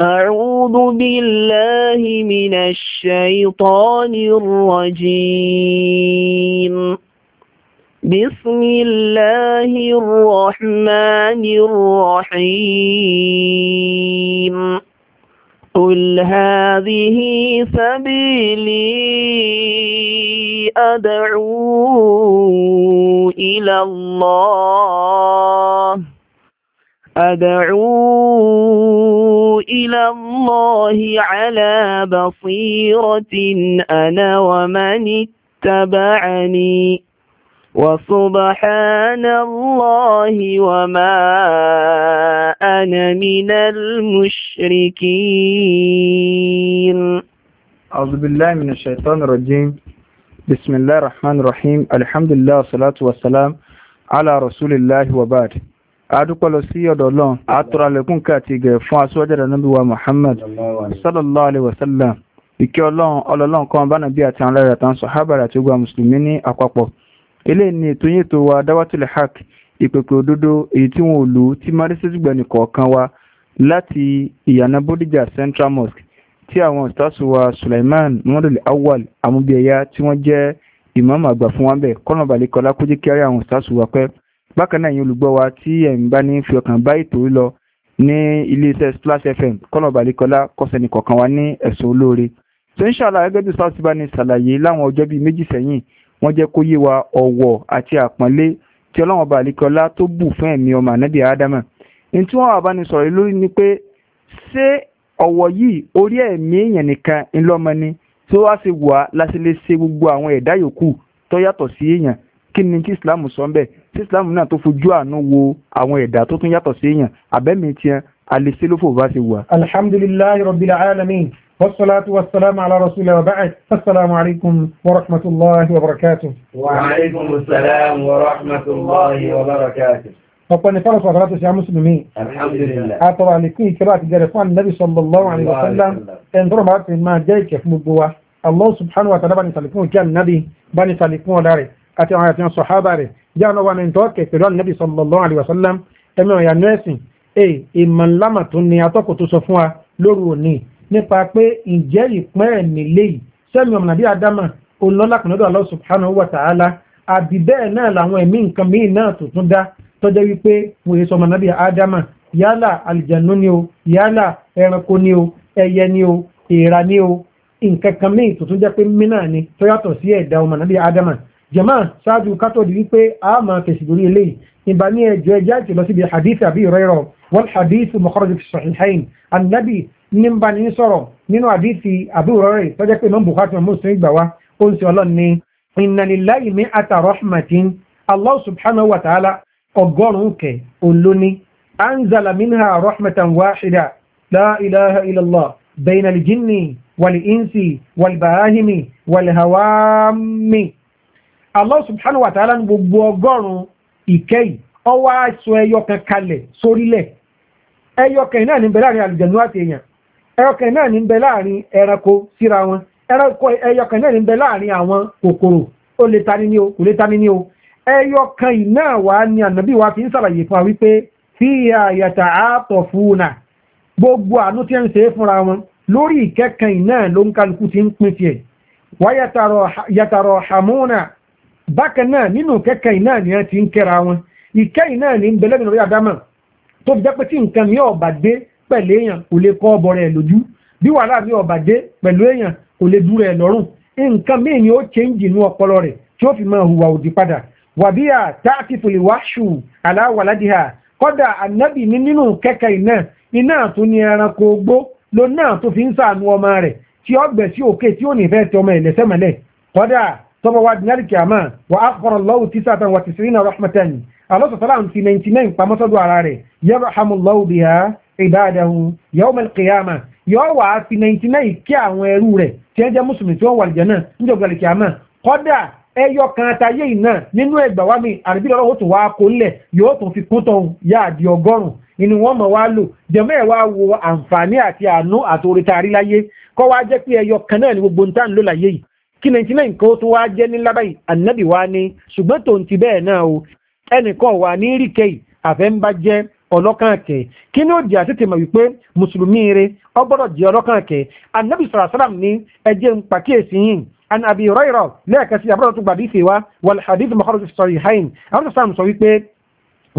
أعوذ بالله من الشيطان الرجيم بسم الله الرحمن الرحيم قل هذه سبيلي أدعو إلى الله أدعو إلى الله على بصيرة أنا ومن اتبعني وسبحان الله وما أنا من المشركين أعوذ بالله من الشيطان الرجيم بسم الله الرحمن الرحيم الحمد لله والصلاة والسلام على رسول الله وبعد adúpẹ́ lọ sí ọ̀dọ̀ ọlọ́run àtọ̀rọ̀ àlẹ́kùn káàtì gẹ̀ fún aṣọ́jọ́dà nàbí wa Muhammad sallallahu alaihi wasallam ìkẹ́ ọlọ́run ọlọ́run kan bánà bí àti àwọn ẹ̀rọ àtàwọn ni ètò wa dáwàtúlẹ̀ haq ìpèpè òdodo èyí tí wọn ò lù tí marisisgbẹ̀ni kọ̀ọ̀kan wa láti Central Mosque tí àwọn ìtàsù wa Sulaiman muhammadu awal amúbíẹyà tí wọ́n jẹ́ ìmáàmù àgbà fún wa bẹ̀ kọ́nà balẹ̀ kọ́lá kó kí àwọn ìtàsù pẹ́ bákan náà ẹ̀yin olùgbọ́ wa tí ẹ̀yin bá ní fi ọkàn bá ètò lọ ní iléeṣẹ́ Splash FM kọ́nà balikọ́lá kọ́sẹ́ni kọ̀ọ̀kan wa ní ẹ̀sùn olóore tó ń ṣàlàyé gẹ́gẹ́ bí sáà ti bá ní ṣàlàyé láwọn ọjọ́ bíi méjì sẹ́yìn wọ́n jẹ́ kó yé wa ọ̀wọ̀ àti àpọ́nlé tí ọlọ́wọ́n balikọ́lá tó bù fún ẹ̀mí ọmọ ànábì ádámà ní tí wọ́n wà bá ní sọ̀rọ̀ lórí ni pé ṣé ọ̀wọ̀ yìí orí ẹ̀mí èèyàn nìkan ńlọ́mọ ni tí wọ́n sì wà láti lè ṣe gbogbo àwọn ẹ̀dá yòókù tó yàtọ̀ sí èèyàn kí ni tí Islam sọ ń bẹ́ẹ̀ tí islam náà tó fojú àánú wo àwọn ẹ̀dá tó tún yàtọ̀ sí èèyàn abẹ́mi tiẹ̀ alẹ́sẹ́lófò bá ṣe wà. alhamdulilayi rabbil alamin والصلاة والسلام على رسول الله وبعد السلام عليكم ورحمة الله وبركاته وعليكم السلام ورحمة الله وبركاته فقال نفرس وغلاتة يا مسلمين الحمد لله أطلع لكي كراءة جرفان النبي صلى الله عليه وسلم انظروا مرات ما جايك في مبوة الله سبحانه وتعالى بني سالكون كان النبي بني سالكون لاري أتي عياتنا صحابة jáwọn wà ní tọ́ọ̀kẹ̀ pẹ̀lú ànábì sallallahu alaihi wasallam ẹ̀mí ọ̀yà nẹ́ẹ̀sìn ẹ̀ ìmọ̀lámà tó ní atọ́kọ̀ tó sọ fún wa lóru òní nípa pé ìjẹ́ ìpín ẹ̀mí léyìí sẹ́mi ọ̀mọ̀ nàbí adama olólàkùnrin Allah subhanahu wa ta'ala àbí bẹ́ẹ̀ náà làwọn ẹ̀mí nǹkan míì náà tuntun dá tọ́jẹ́ wípé mo yẹ sọmọ nàbí adama yálà àlìjànú ni o yálà ẹranko ni o jama ṣáájú kátó di wípé a máa tẹ̀sí lórí eléyìí ìbá ní ẹjọ́ ẹjá ti lọ síbi hadith àbí ìrẹ́rọ̀ wal hadith mọ̀kọ́rọ̀dì sahihain annabi ní bá ní sọ̀rọ̀ nínú hadith àbí ìrẹ́rẹ̀ tó jẹ́ pé nọ́mbù kátó mọ̀ sí ìgbà wa ó ń sọ ọlọ́run ní inna lillahi mi'ata rahmatin allah subhanahu wa ta'ala Allah subhanahu wa ní gbogbo ọgọ́rùn-ún ìkẹyì ọwọ́ aṣọ ẹyọkan kalẹ̀ sórílẹ̀ ẹyọkan náà ní bẹ láàrin àlùjànnú àti èèyàn ẹyọkan náà ní bẹ láàrin ẹranko síra wọn ẹranko ẹyọkan náà ní bẹ láàrin àwọn kòkòrò ó o kò o ẹyọkan náà wà ní ànábì wa fi ń sàlàyé fún wa wípé fi àyàtà àtọ̀ gbogbo àánú tí ń ṣe é fúnra wọn lórí ti ń pín tiẹ̀ wáyàtàrọ̀ bákan náà nínú kẹ́kẹ́ iná ni a ti ń kẹ́ra wọn ìkẹ́ iná ni ń bẹ lẹ́bìnrin tó fi jẹ́ pé tí nǹkan mi ọ̀bà dé pẹ̀lú èèyàn kò lè kọ́ ọbọ̀ rẹ̀ lójú bí wàhálà mi ọ̀bà dé pẹ̀lú èèyàn kò lè dúró ẹ̀ ni ó change inú ọpọlọ rẹ̀ tí fi máa hùwà òdì padà wàbíyà táàkìfìlì wáṣù ha kọ́dà ànábì ní nínú kẹ́kẹ́ iná iná tó ní ẹranko gbó tó fi ń sàánú ọmọ rẹ̀ tí ọgbẹ̀ sí òkè tí ẹ̀lẹ́sẹ̀mọ́lẹ̀ kọ́dà tọ́bọ̀ wá dínárì kìámà wà á kọ̀rọ̀ lọ́wọ́ tí sàtàn wà tìsírí náà rọ́hmatan alọ́sọ̀tọ́lá ń fi 99 pamọ́sọ́dọ̀ ara rẹ̀ yarhamu Allahu biha ibadahu yawm al-qiyama yóò wà á fi 99 kí àwọn ẹrú rẹ̀ tí ẹ jẹ́ mùsùlùmí tí wọ́n wà lìjẹ́ náà níjọba kìámà kọ́dà ẹyọ kan tayé iná nínú ẹgbà wá mi àrùbí lọ́wọ́ tó wá kó lẹ̀ yóò tún fi kún tọ̀hún yá àdì ọgọ́rùn-ún inú wọn mọ̀ wá lò jẹ̀mọ́ ẹ̀ wá wo àǹfààní àti àánú àtòrítàrí láyé kọ́ wá jẹ́ pé ẹyọ kan náà ni gbogbo ń tán láyé yìí kí nàìjí náà nǹkan tó wá jẹ́ ní lábàáyì ànábì wá ní ṣùgbọ́n tòun ti bẹ́ẹ̀ náà o ẹnìkan wà ní ríkẹ́ àfẹ́ ń bá jẹ́ ọlọ́kànkẹ́ kí ni ó jẹ́ àti tèmọ̀ wípé mùsùlùmí rẹ ọgbọ́dọ̀ jẹ́ ọlọ́kànkẹ́ ànábì sọ̀rọ̀ ní ẹjẹ́ ń pàkíyèsí yìí an àbí ìrọ̀ìrọ̀ lẹ́ẹ̀kẹ́ sí àbúrò tó gbàdí ìfẹ́ wa wal hadith mọ̀kọ́rọ̀ sọ̀rọ̀ ìhàìn àbúrò sọ̀rọ̀ sọ wípé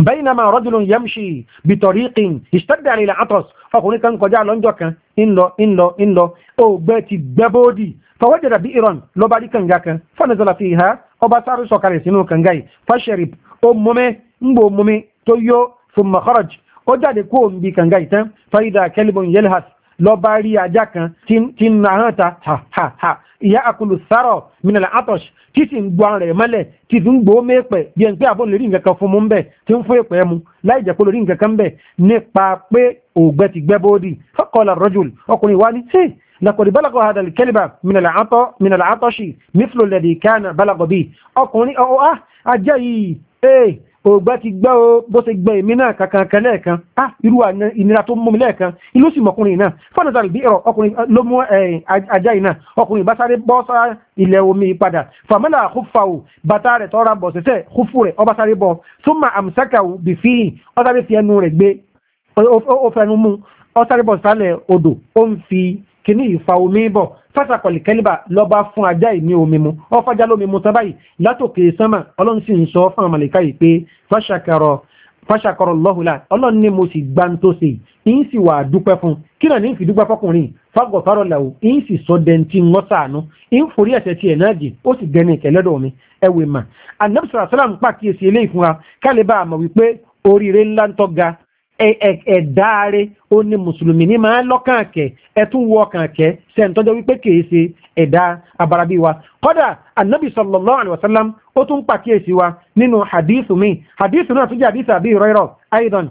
بينما رجل يمشي بطريق اشتد عليه العطس ọkùnrin kan kọjá lọ́njọ́ kan ńlọ ńlọ ńlọ ògbẹ́ ti gbẹ́bódì fọwọ́jẹ̀dà bí iran ló bá rí kànga kan fọ́nàzọ́lá fi ha ọba sáré sọ̀kalẹ̀ sínú kànga yìí fọ́ṣẹ̀rì ó mọ́mẹ́ ń gbò mọ́mẹ́ tó yó fún mọ̀kọ́rọ̀j ó jáde kó òǹbí kànga yìí tán fọ́yídà kẹlẹ́bọ̀n yẹlẹ́hàsì lọ́ba rí ajá kan tí ń na hàn ta ha ha ha ìyá àkùlù sárọ̀ mìnàlá atọ́ṣ tí sì ń gbọ́ ara rẹ̀ mọ́lẹ̀ tí sì ń gbọ́ mẹ́pẹ̀ bí ẹn pé àbọ̀ lórí nǹkan kan fún mú bẹ́ẹ̀ tí ń fún èpẹ́ mu láì jẹ́ pé lórí nǹkan kan bẹ́ẹ̀ nípa pé ògbẹ́ ti gbẹ́ bóódì fọ́kànlá rọ́jùl ọkùnrin wa ni ṣé lakọ̀dí bálagọ̀ hadal kẹlẹ́bà mìnàlá atọ́ṣì míflò lẹ́dí kánà bálagọ̀ bíi ọkùnrin ọ̀ oh, ah, ògbá ti gbá o bó ṣe gbẹ èmi náà kankan kan lẹ́ẹ̀kan á irú ìnira tó mú mi lẹ́ẹ̀kan ìlú sì mọ̀kùnrin náà fọ́nàtà bí ẹ̀rọ ọkùnrin ló mú ajá iná ọkùnrin bá sáré bọ́ sá ilẹ̀ omi padà fàmílà húfà ò bàtà rẹ̀ tọ́ra bọ̀ sẹ́sẹ́ húfù rẹ̀ ọba sáré bọ̀ súnmà àmsákà ò bì fi ọ̀sáré fi ẹnu rẹ̀ gbé ó fẹnu mú ọ̀sáré bọ̀ sálẹ̀ odò ó ń fi kíní ìfà omi bọ̀ fásakọ̀lì kẹ́líbà lọ́ba fún ajá ìmí omi mu ọfájá lómi mu tán báyìí látòkè sánmà ọlọ́run sì ń sọ fún àwọn màlìká yìí pé fáṣàkọrọ̀ fáṣàkọrọ̀ lọ́hùlà ọlọ́run ní mo sì gbá ń tó ṣe ń sì wà dúpẹ́ fún kí náà ní fi dúpẹ́ fọkùnrin fagọ̀fárọ̀ làwò ń sì sọ dẹ́ntì ńlọ́ sàánú ń forí ẹ̀sẹ̀ tiẹ̀ náà jì ó sì gẹ́ni ìkẹlẹ́dọ̀ mi ẹ̀wẹ̀ mà ẹ̀dáre ó ní mùsùlùmí ní máa lọ́kànkẹ́ ẹ̀tún wọ ọkànkẹ́ sẹ́ntọ́jọ́ wípé kìí ṣe ẹ̀dá abarabí wa kọ́dà annabi sallallahu alaihi wasallam ó tún pàkíyèsí wa nínú hadithu mi hadithu náà tún jẹ́ hadithu àbí rẹ́rọ̀ aidan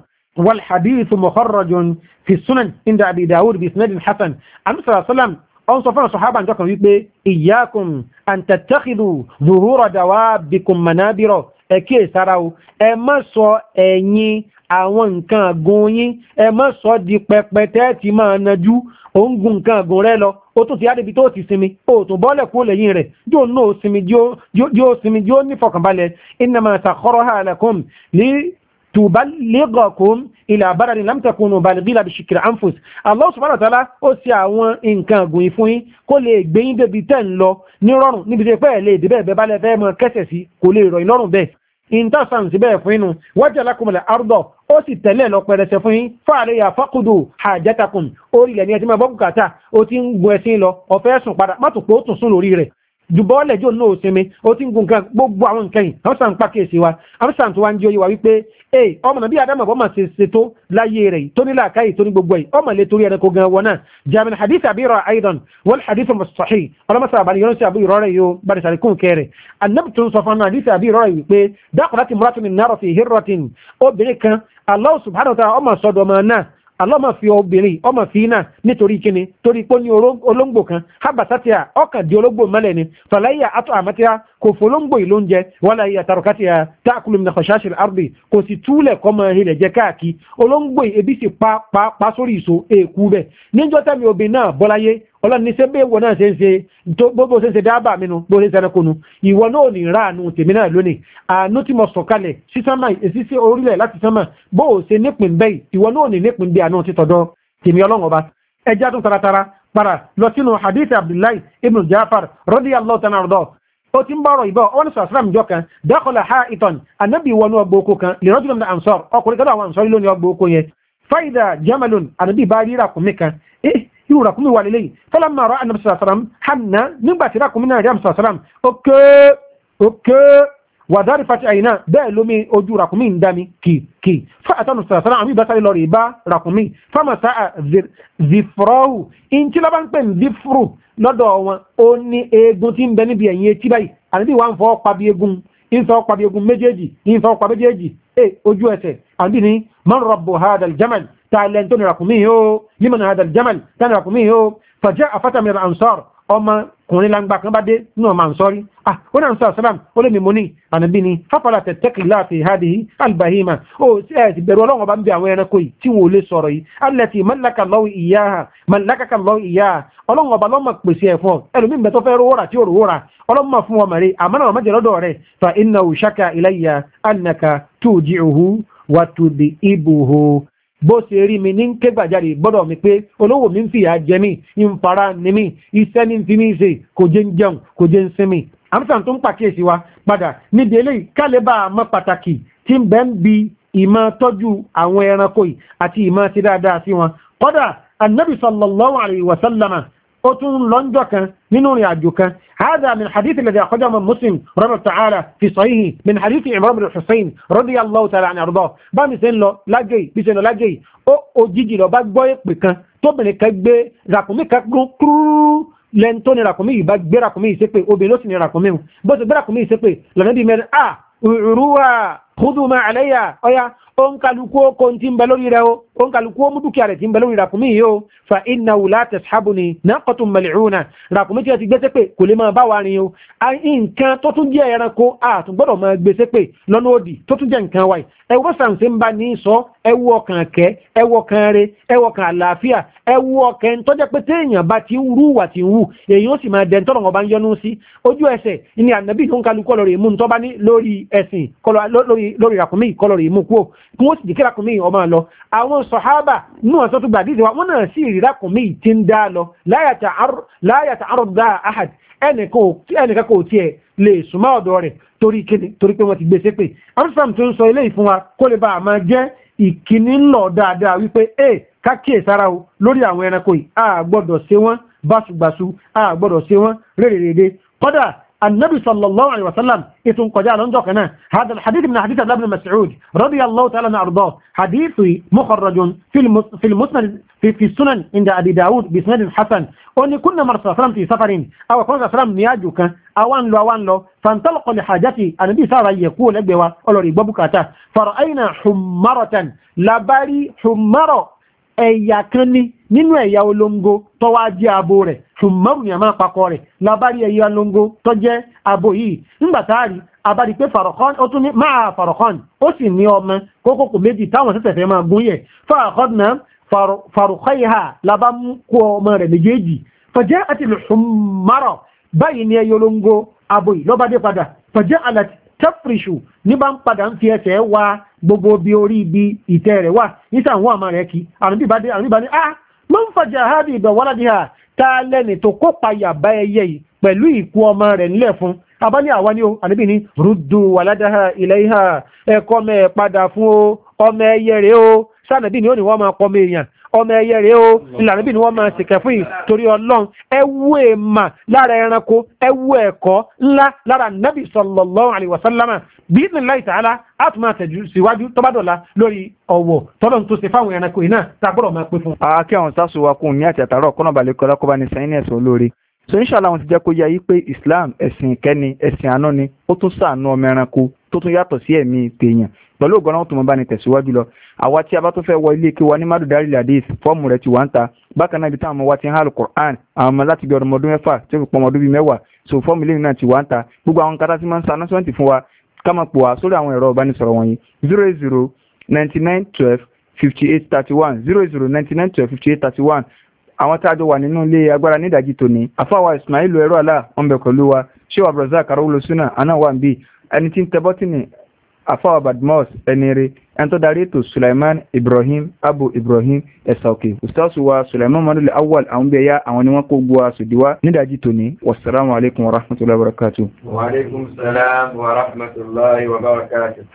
wal hadithu mukharrajun fi sunan inda abi dawud bi isnadin hasan annabi sallallahu alaihi wasallam ọ́n sọ fún ṣọ̀hábà jọ kan wípé ìyákùn àǹtàtàkìlù zuhúrọ̀ dàwà bìkùn manábírọ̀ ẹ̀kí ìsára o ẹ má sọ ẹ̀yìn àwọn nǹkan àgùn yín ẹ má sọ di pẹpẹ tẹ́ẹ̀tì máa najú ó ń gun nǹkan àgùn rẹ lọ ó tún ti ádébi tó ti sinmi ó tún bọ́lẹ̀ kúrò lẹ́yìn rẹ̀ yóò ná ó sinmi yóò sinmi yóò ní fọkànbalẹ̀ innama sakhkharaha lakum ní tùbálẹ́gọ̀kún ilẹ̀ àbára ni lámtẹ̀kùnù balẹ̀bílà bí ṣìkìrì anfus Allah subhanahu wa ta'ala ó sì àwọn nǹkan àgùn ìfún yín kó lè gbé débi tẹ́ ń lọ ní rọrùn níbi tẹ́ pẹ́ẹ̀ lè débẹ̀ bẹ́ẹ̀ bá lẹ́fẹ́ mọ kẹsẹ̀ sí kò lè rọ̀ ìlọ́rùn bẹ́ẹ̀ intasan síbẹ̀ fún inú wájà lákùnmọ̀lẹ̀ àrùdọ̀ ó sì tẹ̀lé lọ pẹrẹsẹ fún yín fáàrẹ̀ yà fákùdù hajatakum orílẹ̀ ní ẹtí máa bọ́kùkàtà ó ti ń gun ẹṣin lọ ọ̀fẹ́ sùn padà má tó pé ó tún sún lórí rẹ̀ jùbọ́ọ̀lẹ̀ jò náà sinmi ó ti ń gun nǹkan gbogbo àwọn nǹkan yìí àwọn pàkíyèsí wa àwọn tó wá ń jí oyé wa wípé ee ọmọ nàbí adama bọ́ ma ṣe ṣètò láyé rẹ̀ tó ní làákàyè tó ní gbogbo ẹ̀ ọmọ lè torí ẹranko gan wọn náà jaamin hadith abira aidan wal hadith mustahi ọlọmọsá àbáni yọrọ sí àbí ìrọ rẹ yóò bari sàrí kún kẹrẹ anabi tó ń sọ fún hadith àbí ìrọ rẹ yìí pé dákùnrin ti múra tó ní nàrọ fi hírọtin obìnrin kan Allah subhanahu wa ta'ala ọmọ sọdọ ọmọ náà alọ́mọ̀ fi obìnrin ọmọ fi iná nítorí kíni torí pé ó ní olóńgbò kan habasatia ọkàn di olóńgbò mọ́lẹ̀ ni fàlàyé àtọ̀ àmọ́tíra kò fọlóńgbò yìí ló ń jẹ wọ́n láyé àtàrọ̀kátìyà táàkùlùmí náà kọ̀ṣáṣì àrùbí kò sì túlẹ̀ kọ́mọ ilẹ̀ jẹ káàkiri olóńgbò yìí ebi sì pa pa pa sórí ìṣó èèkú bẹ̀ níjọ́ tẹ́mi obìnrin náà bọ́láyé ọlọ́run ní sẹ́ bí ìwọ náà ṣe ń ṣe gbogbo ṣe ń ṣe dábà mínú gbogbo ṣe ń ṣẹ́rẹ́ kónú ìwọ náà ní ráàánú tèmi náà lónìí àánú tí mo sọ̀kalẹ̀ sí sánmà sí sí orílẹ̀ láti sánmà bó ṣe nípìn bẹ́ẹ̀ ìwọ náà ní nípìn bí àánú títọ́dọ̀ tèmi ọlọ́run ọba ẹjá tó taratara para lọ sínú hadith abdullahi ibn jafar radiyallahu ta'ala anhu ó ti ń bọ̀rọ̀ ìbọ̀ ó ní sàásìlám kan dákọ̀lá ha ìtàn anábì wọnú ọgbà oko kan lè rọ́jùlọ́mù ansọ́r ọkùnrin kan àwọn ansọ́rí lónìí ọgbà oko yẹn fáìdà jamalun anábì bá rí ràkúnmí kan irú ràkúnmí wà lélẹ́yìn tọ́lá máa rọ ànàbì sàlám hànà nígbà tí ràkúnmí náà rí àmì sàlám òkè òkè wàdárì fati àyìnà bẹ́ẹ̀ lómi ojú ràkúnmí ń dá mi kìkì fún àtànù sàlám àmì ìbásáré lọ rí bá ràkúnmí fáwọn sáà zifrọ́hù ìntí lọ́ba ń pè ní zifru lọ́dọ̀ wọn ó ní eegun tí ń bẹ níbi ẹ̀yìn etí báyìí àníbí wà ń fọ́ تعالى أنتم رقميه لمن هذا الجمل كان رقميه فجاء فتى من الأنصار ọmọ kùnrin langba kan bá dé nínú ọmọ àǹsọ́rí ah ó náà ń sọ àṣàbàm ó lè mímú ní ànàbí ni hafala tẹ̀tẹ́kì láti ìhádìí albahima ó ti bẹ̀rù ọlọ́run ọba ń bẹ àwọn ẹranko yìí tí wọ́n lè sọ̀rọ̀ yìí alẹ́tì mọ́láka lọ́wọ́ ìyá mọ́láka lọ́wọ́ ìyá ọlọ́run ọba lọ́mọ pèsè ẹ̀fọ́ ẹlòmíín bẹ́ẹ̀ tó fẹ́ rówóra tí ó rówóra ọlọ́run fún wọn mẹ́rin àmọ́ náà mọ́jẹ̀ lọ́dọ̀ rẹ̀ fa inna ushaka ilayya annaka tuji'uhu wa tudhibuhu bó ṣe rí mi ní kégbàjáde gbọ́dọ̀ mi pé olówó mi ń fìyà jẹ mí ìfara ni mí iṣẹ́ ní ti ní ṣe kò jẹ́ ń jẹun kò jẹ́ ń sinmi amsan tó ń pàkíyèsí wa padà níbi eléyìí kálébà mọ́ pàtàkì tí ń bẹ́ ń bi ìmọ̀ tọ́jú àwọn ẹranko yìí àti ìmọ̀ ti dáadáa sí wọn kódà anabi sallallahu alayhi wa sallama ó tún lọ́njọ́ kan nínú rìn àjò kan هذا من حديث الذي أخرجه من مسلم رضي الله تعالى في صحيحه من حديث عمران بن الحسين رضي الله تعالى عنه أرضاه بامي سنلو لاجي بيسنلو لاجي ó òjijì lọ bá gbọ́ èpè kan tóbìnrin kan gbé ràkúnmí kan kúrú lẹ́ni tó ní ràkúnmí yìí bá gbé ràkúnmí yìí ṣépè obìnrin ló sì ní ràkúnmí bó ti gbé ràkúnmí yìí ṣépè lọ́nà bíi mẹ́rin ah kúdù máa àlẹ́yà ọ̀yà òǹkàlùkù oko ti ń bẹ lórí rẹ o òǹkàlùkù ó mú dúkìá rẹ ti ń bẹ lórí ràkúnmí yìí o fa iná wùlá tẹ̀sáàbù ni náàkọ̀tù mẹ̀lẹ̀rúnà ràkúnmí tí a ti gbẹ́sẹ̀ pé kò lè máa bá wa rìn o nǹkan tó tún jẹ́ ẹranko àtún gbọ́dọ̀ máa gbèsè pé lọ́nà òdì tó tún jẹ́ nǹkan wáyé ẹwú sàǹsì ń bá ní sọ ẹwú ọkàn kẹ́ ẹwú ọkàn rẹ ẹwú ọkàn àlàáfíà ẹwú ọkàn tó jẹ́ pé téèyàn bá ti ń rú ti ń wù èyí ó sì máa dẹ̀ tọ́nà ọba ń yọnu sí ni lórí ràkúnmí ìkọlọ̀ rẹ̀ mú kúò kí wọ́n sì jẹ́ kí ràkúnmí ọmọ lọ àwọn sọ̀hábà náà sọ tó gbàdíjẹ wa wọ́n náà sì rí ràkúnmí tí ń dá lọ láyàtà àrọ̀dá ahad ẹnìkan kò tiẹ̀ lè súnmọ́ ọ̀dọ̀ rẹ̀ torí kíni torí pé wọ́n ti gbé e sépè amsterdam tó ń sọ eléyìí fún wa kó lè bá a máa jẹ́ ìkíní ńlọ dáadáa wípé e kákíyè sára o lórí àwọn ẹranko yìí a gbọ́dọ̀ ṣe báṣubàṣu a gbọ́dọ̀ ṣe rèrèrèdè kódà النبي صلى الله عليه وسلم يتون قجاء لنجوكنا هذا الحديث من حديث ابن مسعود رضي الله تعالى عنه حديث مخرج في في المسند في, في السنن عند أبي داود بسند حسن وأن كنا مرسل سلام في سفر أو كنا سلام نياجوك أوان لو أوان لو فانطلق لحاجتي النبي صلى الله عليه يقول أبوا أولوري بابكاته فرأينا حمرة لباري حمرة أي كني ننوي يولونغو تواجي أبوره ṣùgbọ́n ni a máa pakọ rẹ̀ labari ẹ̀yẹ alongo tó jẹ́ abo yìí nígbàtàrí abárí pé farokhan ó tún ní máa farokhan ó sì ní ọmọ kókòkò méjì táwọn sẹ́sẹ̀ fẹ́ máa gún yẹ̀ fàákọ́dùnà farokhaiha labá mú kó ọmọ rẹ̀ méjèèjì fàjẹ́ àti lùsùmárọ̀ báyìí ni ẹ̀yẹ olongo abo yìí lọ́ba dé padà fàjẹ́ àlàtì tẹ́fìrìṣù ní bá ń padà ń fi ẹsẹ̀ wa gbogbo bí orí ibi ìtẹ́ rẹ̀ wà nísàwọn àmà rẹ̀ kí àrùn bí ní ah mọ́ ń fàjà àhábì ìbẹ̀wọ́ládìí ta lẹ́ni tó kópa yàbá ẹyẹ yìí pẹ̀lú ìkú ọmọ rẹ̀ nílẹ̀ fún abá ní àwa ní o àníbì ní rúdù wàládáha ilẹ̀ ìhà ẹ̀kọ́ mẹ́ padà fún ọmọ ẹyẹ rẹ̀ o sànàbí ni ó ní wọ́n máa pọmọ èèyàn ọmọ ẹyẹ rẹ̀ o ìlànà bí ni wọ́n máa ṣèkẹ́ fún yìí torí ọlọ́run ẹ wú èèmà lára ẹranko ẹ wú ẹ̀kọ́ ńlá lára nabi sallallahu alaihi wasallama bí ní láì sàálà á tún máa tẹ̀jú síwájú tọ́bádọ́lá lórí ọ̀wọ̀ tọ́lọ́n tó ṣe fáwọn ẹranko yìí náà tàbọ̀rọ̀ máa pé fún. àáké àwọn sásù wa kún ní àti àtàrọ kọ́nà kọ́lá kọ́ba ní sẹ́yìn ẹ̀sán olóore so inshallah wọn ti jẹ́ kó yá yí pé Islam ẹ̀sìn ìkẹ́ni ẹ̀sìn àánú ni ó tún ṣàánú ọmọ ẹranko tó tún yàtọ̀ sí ẹ̀mí tèèyàn pẹ̀lú ògbọ́n tó mọ bá ní tẹ̀síwájú lọ àwa tí a bá tó fẹ́ wọ ilé kíwa ní Madudari Hadith fọ́ọ̀mù rẹ̀ ti wà ń ta bákan náà ibi táwọn ọmọ wa ti ń hàlù Quran àwọn ọmọ láti bí ọdún ọdún mẹ́fà tí ó fi pọ̀ ọmọdún bíi mẹ́wàá so fọ́ọ̀mù ilé náà ti wà ń ta gbogbo àwọn kátà tí máa ń sa anásọ́ǹtì fún wa ká pò wá sórí àwọn ẹ̀rọ ìbánisọ̀rọ̀ wọ̀nyí zero zero ninety nine twelve fifty eight thirty one zero zero ninety nine twelve fifty eight thirty one àwọn tá a jọ wà nínú ilé agbára nídàjí tòní àfáwà Ismail ẹ̀rọ àlà ọ̀nbẹ̀ pẹ̀lú wa ṣé wà brazil karolo suna anáwà ń bì ẹni tí ń tẹ bọ́tìnì afáwà badmus ẹnire ẹni tó darí ètò suleiman ibrahim abu ibrahim ẹ̀sàòkè ustaasu wa suleiman manule awal àwọn bẹ́ẹ̀ yá àwọn ni wọ́n kó gbọ́ àṣùdíwá nídàájí tòní wasalaamu alaykum wa rahmatulahi wa salaam wa rahmatulahi wa barakatu.